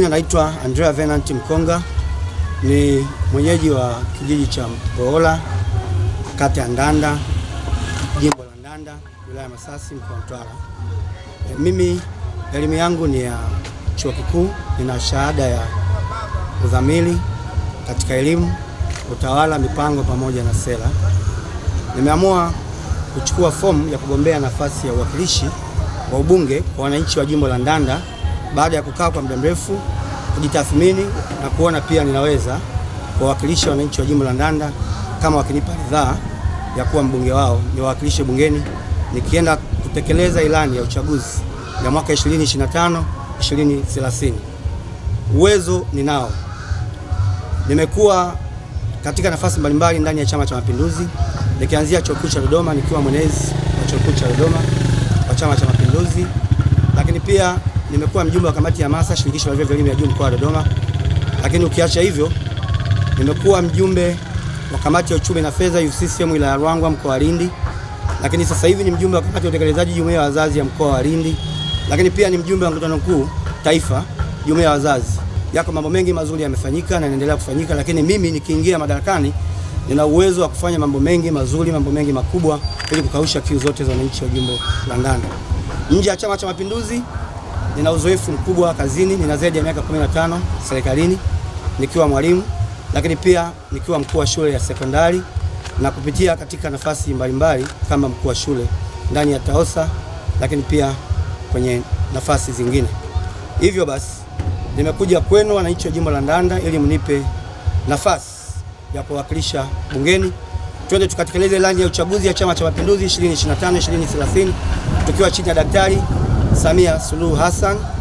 majina naitwa Andrea Venant Mkonga, ni mwenyeji wa kijiji cha Mpoola, kata ya Ndanda, jimbo la Ndanda, wilaya ya Masasi, mkoa wa Mtwara. E, mimi elimu yangu ni ya chuo kikuu, nina shahada ya udhamili katika elimu, utawala, mipango pamoja na sera. Nimeamua kuchukua fomu ya kugombea nafasi ya uwakilishi wa ubunge kwa wananchi wa jimbo la Ndanda baada ya kukaa kwa muda mrefu kujitathmini na kuona pia ninaweza kuwawakilisha wananchi wa jimbo la Ndanda kama wakinipa ridhaa ya kuwa mbunge wao niwawakilishe bungeni nikienda kutekeleza ilani ya uchaguzi ya mwaka 2025 2030. Uwezo ninao. Nimekuwa katika nafasi mbalimbali ndani ya Chama cha Mapinduzi, nikianzia chuo kikuu cha Dodoma nikiwa mwenezi wa chuo kikuu cha Dodoma wa Chama cha Mapinduzi, lakini pia nimekuwa mjumbe wa kamati ya hamasa shirikisho la vyuo vya elimu ya juu mkoa wa Dodoma, lakini ukiacha hivyo, nimekuwa mjumbe wa kamati ya uchumi na fedha UCCM wilaya ya Ruangwa mkoa wa Lindi, lakini sasa hivi ni mjumbe wa kamati ya utekelezaji jumuiya ya wazazi ya mkoa wa Lindi, lakini pia ni mjumbe wa mkutano mkuu taifa jumuiya ya wazazi. Yako mambo mengi mazuri yamefanyika na yanaendelea kufanyika, lakini mimi nikiingia madarakani nina uwezo wa kufanya mambo mengi mazuri, mambo mengi makubwa ili kukausha kiu zote za wananchi wa jimbo la ndani. Nje ya Chama cha Mapinduzi Nina uzoefu mkubwa kazini, nina zaidi ya miaka 15 serikalini nikiwa mwalimu, lakini pia nikiwa mkuu wa shule ya sekondari na kupitia katika nafasi mbalimbali kama mkuu wa shule ndani ya TAOSA, lakini pia kwenye nafasi zingine. Hivyo basi nimekuja kwenu wananchi wa jimbo la Ndanda ili mnipe nafasi ya kuwakilisha bungeni, twende tukatekeleze ilani ya uchaguzi ya Chama cha Mapinduzi 2025 2030 tukiwa chini ya Daktari Samia Suluhu Hassan